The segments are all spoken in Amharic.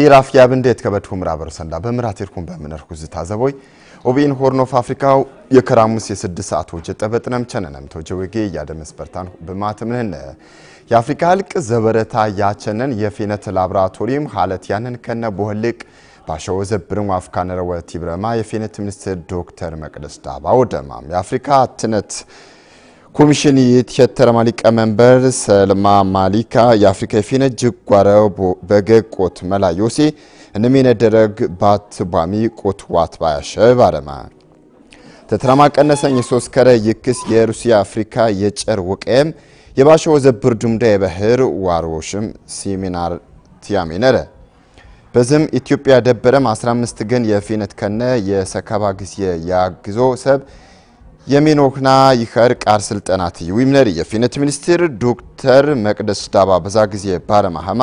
ሂራፍ ያብንዴት ከበድኩ ምራበር ሰንዳ በምራት ይርኩም በመነርኩ ዘቦይ ኦቢን ሆርን ኦፍ አፍሪካው የከራሙስ የስድስት ሰዓት ወጀ ጠበጥነም ቸነነም ተወጀ ወጌ ያደመስ በርታን በማተምነን የአፍሪካ ህልቅ ዘበረታ ያቸነን የፊነት ላብራቶሪም ሀለት ያንን ከነ ቦህልቅ ባሻው ዘብርን አፍካነረወ ቲብረማ የፊነት ሚኒስትር ዶክተር መቅደስ ዳባ ወደማም የአፍሪካ ትነት ኮሚሽን የተሸተረማ ሊቀመንበር ሰልማ ማሊካ የአፍሪካ የፊነት ጅጓረው በገቆት ቆት መላ ዮሴ እንሚነደረግ ባት ቧሚ ቆት ዋት ባያሸ ባረማ ተተራማ ቀነሰኝ የሶስት ከረ ይክስ የሩሲያ አፍሪካ የጨር ወቀም የባሸው ዘብር ዱምዳ የበህር ዋሮሽም ሲሚናር ቲያሚነረ በዝም ኢትዮጵያ ደበረም 15 ግን የፊነት ከነ የሰካባ ጊዜ ያግዞ ሰብ የሚኖክና ይኸር ቃር ስልጠናት ዊምነሪ የፊነት ሚኒስትር ዶክተር መቅደስ ዳባ በዛ ጊዜ ባረማህማ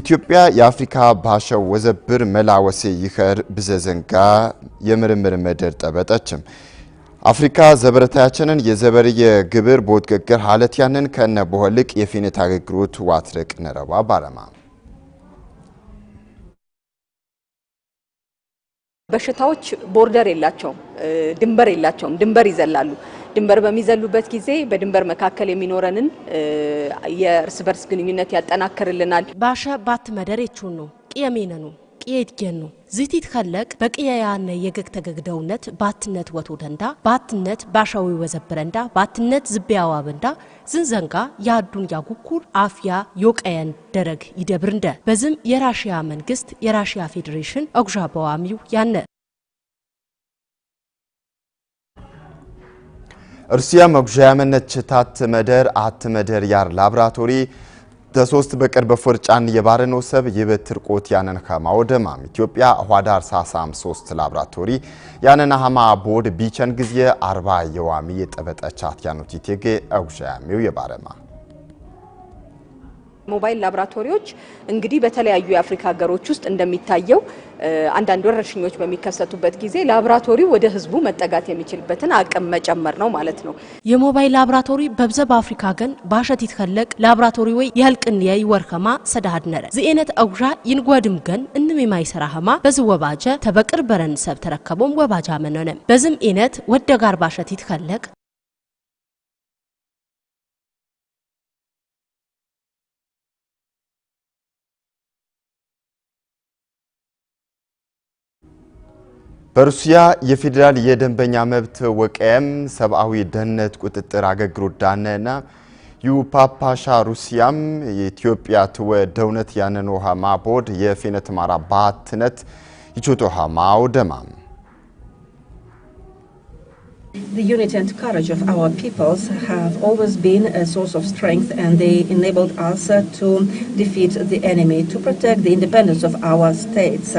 ኢትዮጵያ የአፍሪካ ባሸው ወዘብር መላወሴ ይኸር ብዘዘንጋ የምርምር መደር ጠበጠችም አፍሪካ ዘበረታያችንን የዘበርየ ግብር ቦትገገር ሀለት ያንን ከነ በሆልቅ የፊነት አገልግሎት ዋትረቅ ነረባ ባረማ በሽታዎች ቦርደር የላቸውም፣ ድንበር የላቸውም። ድንበር ይዘላሉ። ድንበር በሚዘሉበት ጊዜ በድንበር መካከል የሚኖረንን የእርስ በርስ ግንኙነት ያጠናክርልናል። ባሸ ባት መደር ነው ቅየ ይትገኑ ዝቲት ኸለቅ በቅየ ያነ የገግ ተገግደውነት ባትነት ወቶ ደንዳ ባትነት ባሻዊ ወዘብረንዳ ባትነት ዝቢያዋ በንዳ ዝንዘንጋ ያዱን ያጉኩር አፍያ ዮቀየን ደረግ ይደብርንደ በዝም የራሽያ መንግስት የራሽያ ፌዴሬሽን አጉዣ በዋሚው ያነ እርሲያ መጉዣ ያመነች ታት መደር አት መደር ያር ላብራቶሪ ዘሶስት በቀር በፎርጫን የባረኖ ሰብ የበትር ቆት ያነንኸማ ወደማም ኢትዮጵያ ኋዳር ሳሳም 3 ላብራቶሪ ያነናሃማ ቦድ ቢቸን ጊዜ አርባ የዋሚ የጠበጠቻት ያኖት አውሻ አጉሻያሚው የባረማ ሞባይል ላብራቶሪዎች እንግዲህ በተለያዩ የአፍሪካ ሀገሮች ውስጥ እንደሚታየው አንዳንድ ወረርሽኞች በሚከሰቱበት ጊዜ ላቦራቶሪው ወደ ህዝቡ መጠጋት የሚችልበትን አቅም መጨመር ነው ማለት ነው። የሞባይል ላብራቶሪ በብዘ በአፍሪካ ገን ባሸት ይትከለቅ ላብራቶሪ ወይ ያልቅንየ ይወርከማ ሰዳሃድ ነረ ዝኤነት አጉራ ይንጓድም ገን እንም የማይሰራ ህማ በዝ ወባጀ ተበቅር በረን ሰብ ተረከቦም ወባጃ መነነም በዝም ኤነት ወደ ጋር ባሸት ይትከለቅ በሩሲያ የፌዴራል የደንበኛ መብት ወቀየም ሰብአዊ ደህንነት ቁጥጥር አገግሮት ዳነና ዩፓፓሻ ሩሲያም የኢትዮጵያ ትወ ደውነት ያነኖሃ ማቦድ የፌነት ማራ ባትነት ይቾቶሃ ማውደማም The unity and courage of our peoples have always been a source of strength and they enabled us to defeat the enemy, to protect the independence of our states.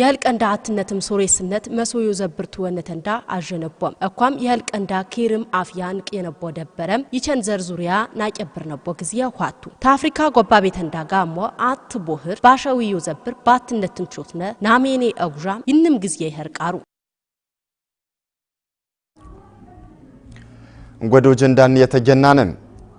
የህል ቀንዳ አትነትም ሶሬስነት መሶዮ ዘብርቱ ወነተንዳ አጀነቦም እኳም የህል ቀንዳ ኬርም አፍያንቅ የነቦ ደበረም ይቸን ዘር ዙሪያ ናጨብር ነቦ ጊዜ ኋቱ ታፍሪካ ጎባ ቤተንዳ ጋሞ አት ቦህር ባሸዊዮ ዘብር ባትነትም ቾትነ ናሜኔ አጉዣም ይንም ጊዜ ይህርቃሩ እንጎዶ ጀንዳን የተጀናንም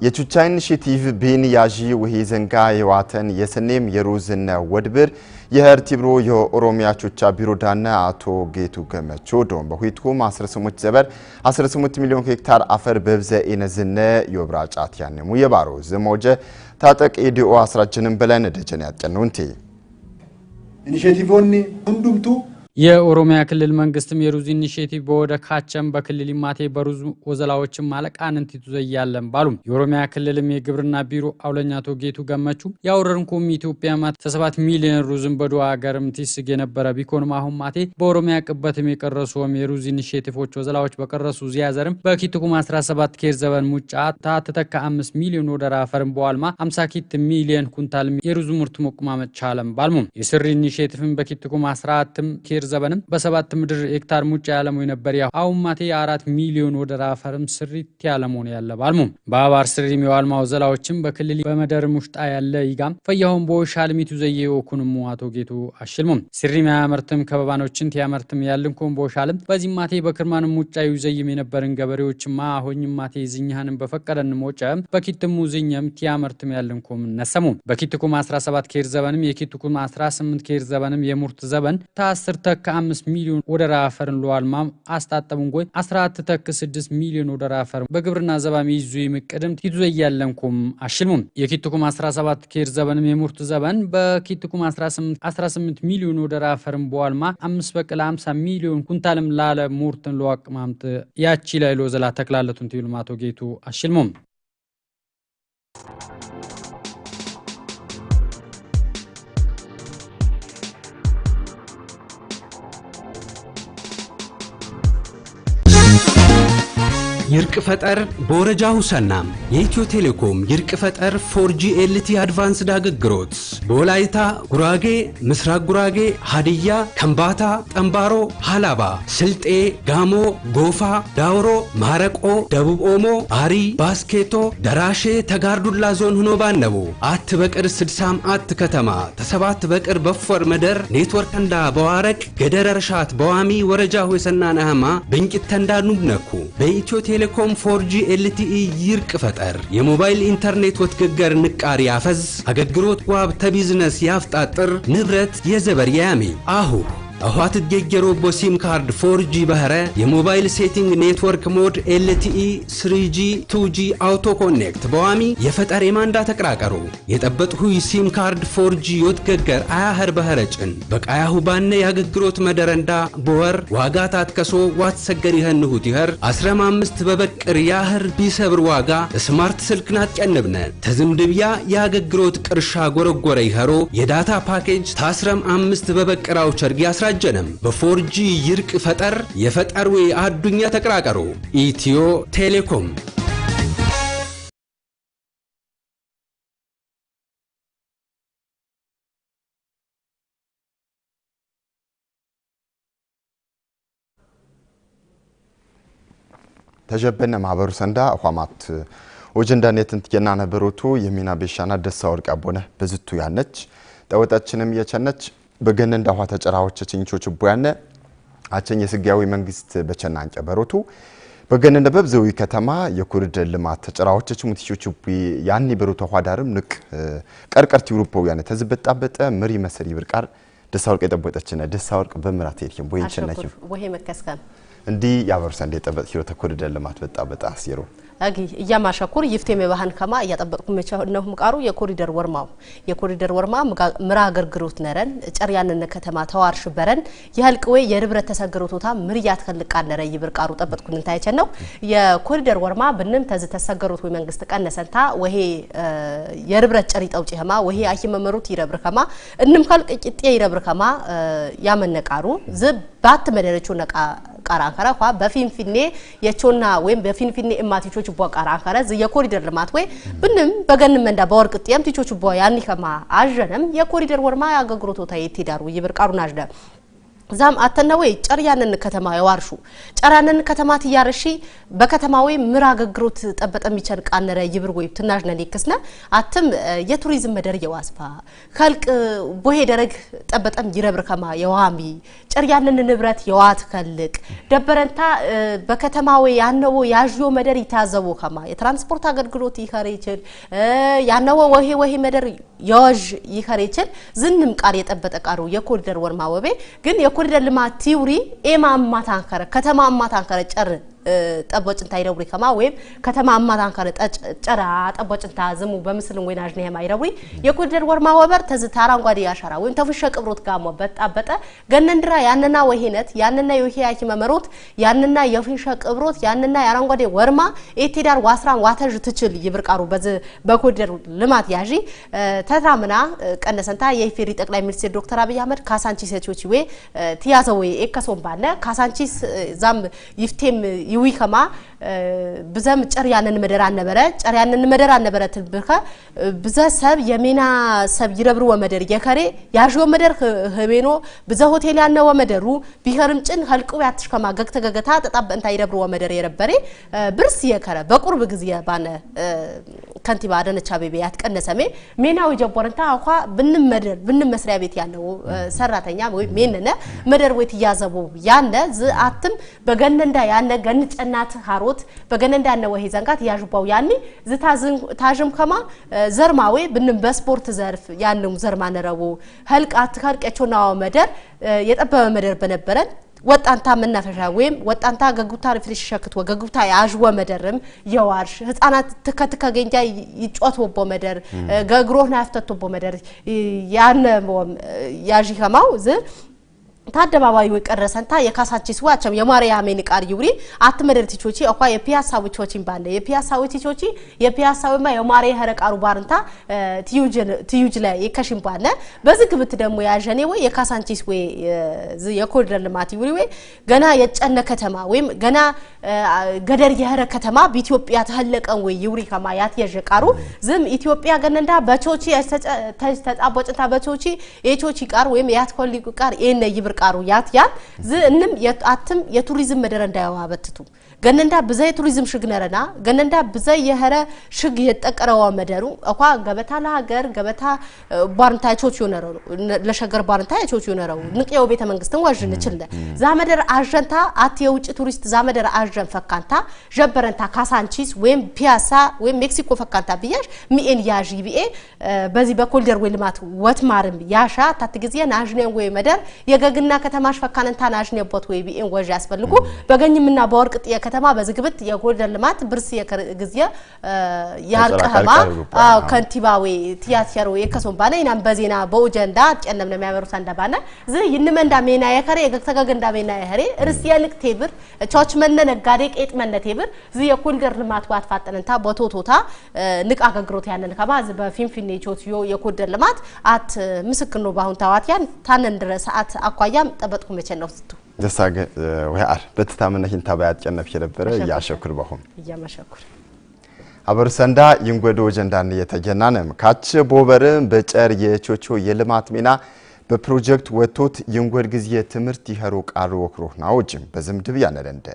የቹቻይን ሽቲቭ ቢን ያዢ ውሂ ዘንጋ የዋተን የስኔም የሩዝነ ወድብር የህር ቲብሮ የኦሮሚያ ቹቻ ቢሮ ዳነ አቶ ጌቱ ገመቾ ዶም በሁይቱም 18 ዘበር 18 ሚሊዮን ሄክታር አፈር በብዘ ኢነዝነ የብራ ጫት ያንሙ የባሮ ዝሞጀ ታጠቅ የዲኦ አስራችንን በላይ ደጀን ያጨነውንቴ ኢኒሼቲቭ ሁንዱምቱ የኦሮሚያ ክልል መንግስትም የሩዝ ኢኒሽቲቭ በወደ ካቸም በክልል ማቴ በሩዝ ወዘላዎችም ማለቃንን ቲቱ ዘያለን ባሉ የኦሮሚያ ክልልም የግብርና ቢሮ አውለኛ አቶ ጌቱ ገመቹ የአውረርን ኮሚ ኢትዮጵያ ማት ተሰባት ሚሊዮን ሩዝም በዶ ሀገርም ቲስግ የነበረ ቢኮንም አሁን ማቴ በኦሮሚያ ቅበትም የቀረሱም የሩዝ ኢኒሽቲቮች ወዘላዎች በቀረሱ ዚያዘርም በኪትኩም 17 ኬር ዘበን ሙጫ ታተተካ 5 ሚሊዮን ወደራ አፈርም በዋልማ 50 ኪት ሚሊዮን ኩንታል የሩዝ ምርት መቁማመት ቻለም ባልሙ የስሪ ኢኒሽቲቭም በኪትኩም 14 ኬር ዘበንም በሰባት ምድር ሄክታር ሙጫ ያለሙ ነበር ያው አሁን ማቴ የአራት ሚሊዮን ወደ ራፈርም ስሪት ያለሞን ያለ ባልሙ በአባር ስሪም የዋልማው ዘላዎችም በክልል በመደር ሙሽጣ ያለ ይጋም ፈያሁን በሻል ሚቱ ዘዬ ወኩንም አቶ ጌቱ አሽልሙም ስሪም ያመርትም ከበባኖችን ያመርትም ያልንኮን በሻልም በዚህ ማቴ በክርማንም ሙጫ ይዘይም የነበርን ገበሬዎችማ አሁኝም ማቴ ዝኛህንም በፈቀደን ሞጨ በኪትሙ ዝኛም ቲያመርትም ያልንኮም ነሰሙ በኪትኩም 17 ኬር ዘበንም የኪትኩም 18 ኬር ዘበንም የሙርት ዘበን ታስርተ ተከ 5 ሚሊዮን ወደራ አፈርን ለዋልማም አስታጠሙን ጎይ 14 ተከ 6 ሚሊዮን ወደራ አፈር በግብርና ዘባም ይዙ የምቀደም ቲቱ ዘያለንኩም አሽልሙም የኪትኩም 17 ኬር ዘበንም የሙርት ዘበን በኪትኩም 18 18 ሚሊዮን ወደራ አፈርን በዋልማ 5 በቅል 50 ሚሊዮን ኩንታልም ላለ ሙርትን ለዋቅማምት ያቺ ላይ ሎዘላ ተክላለቱን ቲሉማቶ ጌቱ አሽልሙም ይርቅ ፈጠር በወረጃ ሁሰናም የኢትዮ ቴሌኮም ይርቅ ፈጠር ፎርጂ ኤልቲ አድቫንስድ አገልግሎት በወላይታ ጉራጌ፣ ምስራቅ ጉራጌ፣ ሀዲያ፣ ከምባታ፣ ጠምባሮ፣ ሀላባ፣ ስልጤ፣ ጋሞ፣ ጎፋ፣ ዳውሮ፣ ማረቆ፣ ደቡብ ኦሞ፣ አሪ፣ ባስኬቶ፣ ደራሼ፣ ተጋርዱላ ዞን ሁኖ ባነቡ አት በቅር ስድሳም አት ከተማ ተሰባት በቅር በፎር መደር ኔትወርክ እንዳ በዋረቅ ገደረ ርሻት በዋሚ ወረጃ ሆሰና ነሃማ ብንጭት እንዳ ኑብነኩ በኢትዮ ቴሌኮም ፎርጂ ኤልቲኢ ይርቅ ፈጠር የሞባይል ኢንተርኔት ወትገገር ንቃሪ ያፈዝ አገልግሎት ዋብ ተቢ ቢዝነስ ያፍጣጥር፣ ንብረት የዘበር ያሜ አሁ አዋትትጌጀሮ ቦሲም ካርድ ፎርጂ በህረ የሞባይል ሴቲንግ ኔትወርክ ሞድ ኤልቲኢ ስሪጂ ቱጂ አውቶ ኮኔክት በዋሚ የፈጠር የማንዳ ተቀራቀሩ የጠበጥ ሁይ ሲም ካርድ ፎርጂ ዮትገገር አያህር በህረ ጭን በቃያሁ ባነ የአገግሮት መደረንዳ በወር ዋጋ ታትከሶ ዋት ሰገር ይኸንሁት ይኸር 15 በበቅር ያህር ቢሰብር ዋጋ ስማርት ስልክን ጨንብነ ተዝምድብያ የአገግሮት ቅርሻ ጎረጎረ ይኸሮ የዳታ ፓኬጅ ታስረም አምስት በበቅራው ቸርጊ አልተሳጀንም። በፎርጂ ይርቅ ፈጠር የፈጠርዌ አዱኛ ተቀላቀሉ። ኢትዮ ቴሌኮም ተጀበነ ማህበሩ ሰንዳ ኋማት ወጀንዳን የትንትየና ነበሮቱ የሚና ቤሻና ደሳ ወርቅ አቦነ በዝቱ ያነች ጠወጣችንም የቸነች በገነንዳ ውሃ ተጨራዎች ችኝቾች ቦያነ አቸኝ የስጋዊ መንግስት በቸና አንጨበሮቱ በገነንዳ ዘዊ ከተማ የኩርድ ልማት ተጨራዎች ችሙቲቾች ያን በሮቱ ውሃ ዳርም ንቅ ቀርቀርት ዩሮፖ ያነ ተዝበጣበጠ ምሪ መሰሪ ብርቃር ደሳወርቅ የጠበጠችነ ደሳወርቅ በምራት ይልኝ ቦይንቸነኪ ወሄ መከስከም እንዲ ያበርሰ እንደ ጠበጥ ህይወት ተኩርድ ልማት በጣበጣ በጣ አጊ እያማሻኩር ይፍቴም የባህን ከማ እያጠበቅኩ መቻ ነው ምቃሩ የኮሪደር ወርማው የኮሪደር ወርማ ምራ አገልግሎት ነረን ጨርያንን ከተማ ተዋርሽ በረን የህልቅ ወይ የንብረት ተሰገሮቶታ ምር ያትከልቃ ነረ ይብር ቃሩ ጠበጥኩ እንታይቸ ነው የኮሪደር ወርማ ብንም ተዝ ተሰገሮት ወይ መንግስት ቀነሰንታ ወሄ የንብረት ጨሪ ጠውጪ ከማ ወሄ አሂ መመሩት ይረብር ከማ እንም ካልቅ ቂጤ ይረብር ከማ ያመነቃሩ ዝብ ባት መደረቹ ነቃ ቡቃራ አንከራ ኳ በፊንፊኔ የቾና ወይም በፊንፊኔ እማቲቾች ቡቃራ አንከራ ዝ የኮሪደር ልማት ወይ ብንም በገን መንዳ በወርቅ ጤም ቲቾች ቡያ ያኒ ከማ አጀነም የኮሪደር ወርማ ያገግሮቶ ታይ ቲዳሩ ይብርቃሩን አጅደ ዛም አተነወይ ጨርያንን ከተማ የዋርሹ ጨርያንን ከተማ ትያርሺ በከተማዊ ምራ ገግሮት ጠበጠ የሚቸን ቃነረ ይብር ወይ ትናሽ ነን ይክስነ አትም የቱሪዝም መደር የዋስፋ ከልቅ ቦሄ ደረግ ጠበጠም ይረብር ከማ የዋሚ ጨርያንን ንብረት የዋት ከልቅ ደበረንታ በከተማዊ ያነወ ያዥዮ መደር ይታዘቡ ከማ የትራንስፖርት አገልግሎት ይኸር ይችል ያነወ ወሄ ወሄ መደር የወዥ ይኸር ይችል ዝንም ቃር የጠበጠ ቃሩ የኮሪደር ወርማ ወቤ ግን የኮሪደር ልማት ቲውሪ ከተማ ማታንከረ ጨር ጠቦጭንታ ይረብሪ ከማ ወይም ከተማ አማታን ካለ ጨራ ጠቦጭንታ ዝሙ በምስል ወይ ናጅ ነህማ ይረብሪ የኮሪደር ወርማ ወበር ተዝታ አረንጓዴ ያሻራ ወይም ተፍሸ ቅብሮት ጋሞ በጣበጠ ገነንድራ ያንና ወሂነት ያንና የውሂ ያኪ መመሮት ያንና የፍሸ ቅብሮት ያንና የአረንጓዴ ወርማ ኤቴዳር ዋስራን ዋተጅ ትችል ይብርቃሩ በዝ በኮሪደር ልማት ያዢ ተትራምና ቀነሰንታ የኢፌሪ ጠቅላይ ሚኒስትር ዶክተር አብይ አህመድ ካሳንቺስ ሴቶች ወይ ቲያዘው ኤከሶም ባነ ካሳንቺስ ዛም ይፍቴም ይዊ ከማ ብዘም ጨር ያንን መደራ አነበረ ጨር ያንን መደራ አነበረ ትብከ ብዘ ሰብ የሜና ሰብ ይረብር ወመደር የከሬ ያሽ ወመደር ህቤኖ ብዘ ሆቴል ያነ ወመደሩ ቢኸርም ጭን ህልቁ ያትሽ ከማ ገግተ ገገታ ተጣበ እንታ ይረብር ወመደር የረበሬ ብርስ የከረ በቁርብ ጊዜ ባነ ከንቲባ አዳነች አቤቤ ያትቀነሰሜ ሜናዊ ጀቦረንታ አኳ ብንም መደር ብንም መስሪያ ቤት ያለው ሰራተኛ ወይ ሜነነ መደር ወይት ትያዘቡ ያነ ዝአትም በገነንዳ ያነ ገን ጨናት ሀሮት በገነንዳ ያነ ወይ ዘንጋት ያዥባው ያኒ ዝታዝን ታጅም ከማ ዘርማዌ ብንም በስፖርት ዘርፍ ያንም ዘርማ ነረቡ ህልቃት ካልቀቾናው መደር የጠበበ መደር በነበረን ወጣንታ መናፈሻ ወይም ወጣንታ ገጉታ ሪፍሬሽ ሸክትወ ገጉታ ያዥወ መደርም የዋርሽ ህፃናት ትከትከ ገንጃ ይጮት ወቦ መደር ገግሮህ ናፍተት ወቦ መደር ያነ ያዥ ከማው ዝ ታደባባዩ ቀረሰንታ ሰንታ የካሳቺስ ዋቸም የማርያሜን ቃር ይውሪ አትመደር ቲቾቺ አኳ የፒያሳው ቲቾቺን ባለ የፒያሳው ቲቾቺ የፒያሳውማ የማሪ ሀረቃሩ ባርንታ ቲዩጅን ቲዩጅ ላይ የከሽም ባለ በዚህ ግብት ደግሞ ያጀኔ ወይ የካሳንቺስ ወይ የኮሪደር ልማት ይውሪ ወይ ገና የጨነ ከተማ ወይም ገና ገደር የሀረ ከተማ በኢትዮጵያ ተለቀን ወይ ይውሪ ከማ ያት የጀቃሩ ዝም ኢትዮጵያ ገነንዳ በቾቺ ተጣቦጭታ በቾቺ የቾቺ ቃር ወይም ያት ኮሊቁ ቃር ኤነ ይብር ይርቃሩ ያትያን ዝእንም የአትም የቱሪዝም መደረ እንዳያዋበትቱ ገነንዳ ብዛ ቱሪዝም ሽግ ነረና ገነንዳ ብዛ የኸረ ሽግ የጠቀረዋ መደሩ እኳ ገበታ ለሀገር ገበታ ባርንታ ቾች ዮነረው ለሸገር ባርንታ ቾች ዮነረው ንቅየው ቤተ መንግስትን ወዥን ይችላል ዛ መደር አጀንታ አት የውጭ ቱሪስት ዛ መደር አጀን ፈካንታ ጀበረንታ ካሳንቺስ ወይም ፒያሳ ወይም ሜክሲኮ ፈካንታ ብያሽ ሚኤን ያዥ ቢኤ በዚህ በኮልደር ወይ ልማት ወትማርም ያሻ ታት ጊዜ ናጅኔን ወይ መደር የገግና ከተማሽ ፈካንታ ናጅኔ ቦት ወይ ቢኤን ወዥ ያስፈልጉ በገኝምና በወርቅ ጥየ ከተማ በዝግብት የጎደር ልማት ብርስ ግዜ ያርቀኸማ ከንቲባዌ ትያትየሮ የከሶም ባነ ይናም በዜና በኡጀንዳ ጨለም ነው የሚያበሩት አንዳ ባነ ይንመ እንዳ ሜና የከሬ የገተገግ እንዳ ሜና የኸሬ ርስ የልቅ ቴብር ቻዎች መነ ነጋዴ ቄጥ መነ ቴብር ዝ የጎልደር ልማት ዋት ፋጠንንታ በቶቶታ ንቅ አገግሮት ያነን ከማ ዝ በፊንፊኔ ቾትዮ የጎልደር ልማት አት ምስክር ነው ባሁን ታዋትያን ታነን ድረ ሰዓት አኳያም ጠበጥኩ መቼ ነው ስቱ ደሳገ ወያር በትታመነ ሂንታ ባያት ጨነፍ የነበረ ያሸኩር በሆም ያማሸኩር አበር ሰንዳ ይንጎዶ ወጀንዳን የተጀናነም ካች ቦበርም በጨር የቾቾ የልማት ሚና በፕሮጀክት ወጥቶት ይንጎድ ጊዜ ትምህርት ይኸሮ ቃሩ ወክሮ ናዎችም በዝምድብ ያነለንደ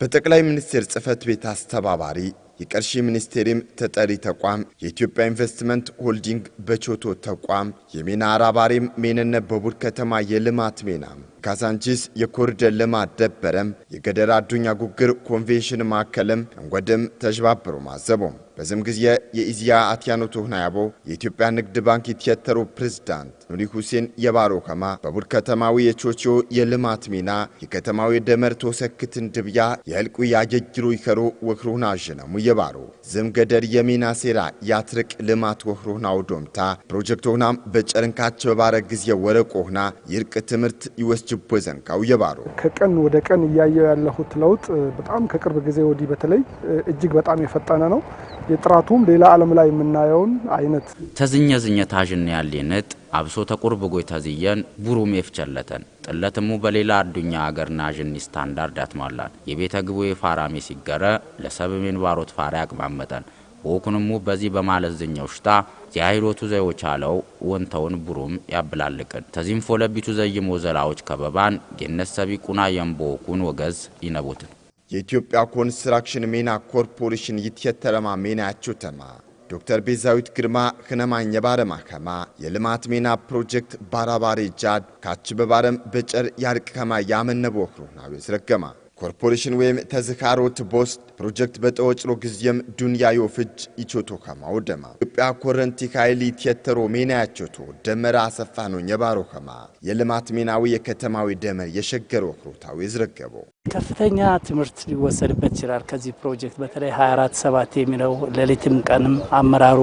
በጠቅላይ ሚኒስቴር ጽህፈት ቤት አስተባባሪ የቅርሺ ሚኒስቴርም ተጠሪ ተቋም የኢትዮጵያ ኢንቨስትመንት ሆልዲንግ በቾቶ ተቋም የሜና አራባሪም ሜንነት በቡድ ከተማ የልማት ሜና የካሳንቺስ የኮሪደር ልማት ደበረም፣ የገደር አዱኛ ጉግር ኮንቬንሽን ማዕከልም እንጎድም ተሽባብሮ ማዘቦ በዝም ጊዜ የኢዚያ አትያኖ ናያቦ የኢትዮጵያ ንግድ ባንክ የትየተሮ ፕሬዝዳንት ኑሪ ሁሴን የባሮ ከማ በቡድ ከተማዊ የቾቾ የልማት ሚና የከተማዊ ደመር ተወሰክትን ድብያ የህልቁ ያጀጅሩ ይከሩ ወክሮና ዥነሙ የባሮ ዝም ገደር የሚና ሴራ ያትርቅ ልማት ወክሮና ውዶምታ ፕሮጀክቶናም በጨርንካቸው ባረ ጊዜ ወረቆ ሆና ይርቅ ትምህርት ይወስጅ ችቦ ዘንጋው የባሩ ከቀን ወደ ቀን እያየው ያለሁት ለውጥ በጣም ከቅርብ ጊዜ ወዲህ በተለይ እጅግ በጣም የፈጠነ ነው። የጥራቱም ሌላ ዓለም ላይ የምናየውን አይነት ተዝኘ ዝኘ ታዥን ያሌ ነጥ አብሶ ተቁርብ ጎይ ተዝየን ቡሩም የፍቸለተን ጥለትሙ በሌላ አዱኛ አገር ናዥን ስታንዳርድ አትሟላን የቤተ ግቡ የፋራሜ ሲገረ ለሰብሜን ባሮት ፋሪ አቅማመጠን ወኩንሙ በዚህ በማለት ዝኛው ሽታ የአይሎቱ አለው ወንተውን ቡሩም ያብላልቅን ተዚም ፎለቢቱ ዘይሞ ዘላዎች ከበባን የነሰቢ ቁና የንቦኩን ወገዝ ይነቡትን የኢትዮጵያ ኮንስትራክሽን ሜና ኮርፖሬሽን ይትየተለማ ሜናያቸው ተማ ዶክተር ቤዛዊት ግርማ ህነማኝ የባረማ ከማ የልማት ሜና ፕሮጀክት ባራባሬ ጃድ ካች በባረም በጨር ያርቅ ከማ ያመነቦ ክሮናዊ ስረገማ ኮርፖሬሽን ወይም ተዝካሮት ቦስት ፕሮጀክት በጠወጭሮ ጊዜም ዱንያዮ ፍጅ ይቾቶ ከማው ደማ ኢትዮጵያ ኮረንቲ ካይሊ ቴተሮ ሜና ያቸቶ ደመራ አሰፋ ነው የባሮ ከማ የልማት ሜናዊ የከተማዊ ደመር የሸገሮ ክሮታው ዝረገቦ ከፍተኛ ትምህርት ሊወሰድበት ይችላል። ከዚህ ፕሮጀክት በተለይ 24 ሰባት የሚለው ሌሊትም ቀንም አመራሩ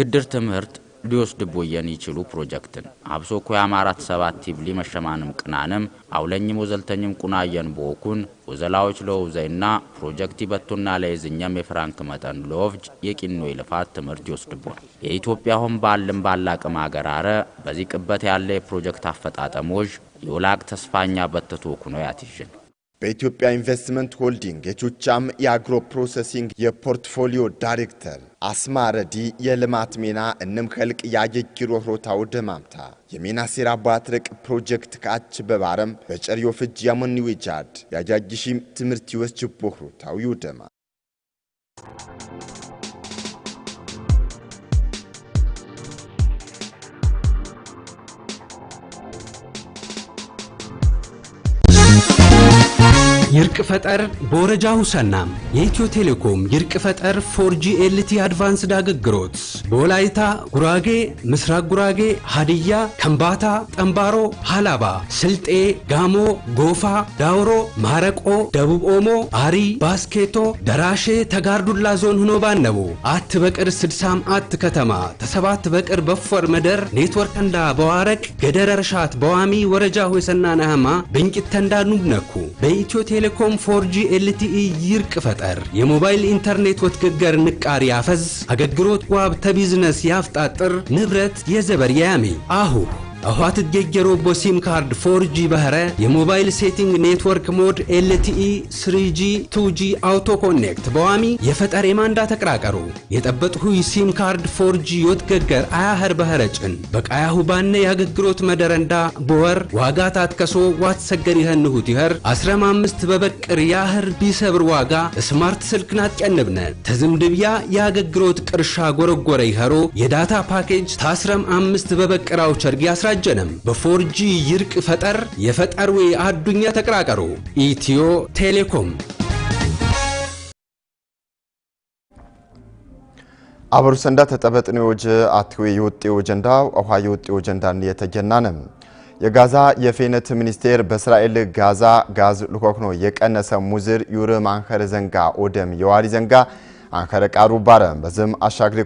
ግድር ትምህርት ሊወስድ ቦየን ይችሉ ፕሮጀክትን አብሶ ኮ የአማራት ሰባት ቲብሊ መሸማንም ቅናንም አውለኝም ወዘልተኝም ቁናየን ቦኩን ወዘላዎች ለውዘይና ፕሮጀክት ይበቱና ለይዝኛም የፍራንክ መጠን ለወፍጅ የቂኖ ይልፋት ትምህርት ይወስድቦን የኢትዮጵያ ሆን ባልም ባላቅም አገራረ በዚህ ቅበት ያለ የፕሮጀክት አፈጣጠሞዥ የውላቅ ተስፋኛ በተቶኩ ነው ያትዥን በኢትዮጵያ ኢንቨስትመንት ሆልዲንግ የቹቻም የአግሮ ፕሮሰሲንግ የፖርትፎሊዮ ዳይሬክተር አስማ ረዲ የልማት ሜና እንም ከልቅ ሮታ ወደ ማምታ ደማምታ ሴራ ባትረቅ ፕሮጀክት ከአች በባረም በጨሪዮ ፍጅ ያመኒ ዌጃድ ያጃጅሺም ትምህርት ይወስጅቦ ሮታው ይውደማ ይርቅ ፈጠር በወረጃ ሁሰናም የኢትዮ ቴሌኮም ይርቅ ፈጠር ፎርጂ ኤልቲ አድቫንስድ አገልግሎት በወላይታ ጉራጌ፣ ምስራቅ ጉራጌ፣ ሀዲያ፣ ከምባታ፣ ጠምባሮ፣ ሀላባ፣ ስልጤ፣ ጋሞ፣ ጎፋ፣ ዳውሮ፣ ማረቆ፣ ደቡብ ኦሞ፣ አሪ፣ ባስኬቶ፣ ደራሼ፣ ተጋርዱላ ዞን ሆኖ ባነቡ አት በቅር ስድሳም አት ከተማ ተሰባት በቅር በፎር መደር ኔትወርክ እንዳ በዋረቅ ገደረ በዋሚ ወረጃ ሁሰና ብንቂት ብንጭተንዳ ነኩ በኢትዮ ቴሌኮም ፎርጂ ኤልቲኢ ይርቅ ፈጠር የሞባይል ኢንተርኔት ወትገገር ንቃር ያፈዝ አገልግሎት ዋብ ተቢዝነስ ያፍጣጥር ንብረት የዘበር ያያሜ አሁ አትትጌጌ ሮቦ ሲም ካርድ 4 በህረ የሞባይል ሴቲንግ ኔትወርክ ሞድ ኤልቲኢ 3ጂ 2 አውቶ ኮኔክት በዋሚ የፈጠር የማንዳ ተቀራቀሩ የጠበጥ ሁይ ሲም ካርድ 4ጂ ዮት ገገር አያህር በህረ ጭን በቃያሁ ባነ የአገግሮት መደረንዳ በወር ዋጋ ታትከሶ ሰገር ይኸንሁት ይኸር 15 በበቅር ያህር ቢሰብር ዋጋ ስማርት ስልክ ናትቀንብነ ተዝምድብያ የአገግሮት ቅርሻ ጎረጎረ ይኸሮ የዳታ ፓኬጅ ታስረም አምስት በበቅራው ቸርጊ አላደራጀንም። በፎርጂ ይርቅ ፈጠር የፈጠርዌ አዱኛ ተቀላቀሉ። ኢትዮ ቴሌኮም። አብሩ ሰንዳ ተጠበጥን ወጀ አትዌ ይውጥ ወጀንዳ ውሃ የወጤ ወጀንዳን የተጀናነም የጋዛ የፌነት ሚኒስቴር በእስራኤል ጋዛ ጋዝ ልኮክኖ የቀነሰ ሙዝር ዩር ማንከረ ዘንጋ ኦደም የዋሪ ዘንጋ አንከረ ቃሩ ባረ በዝም አሻግሪ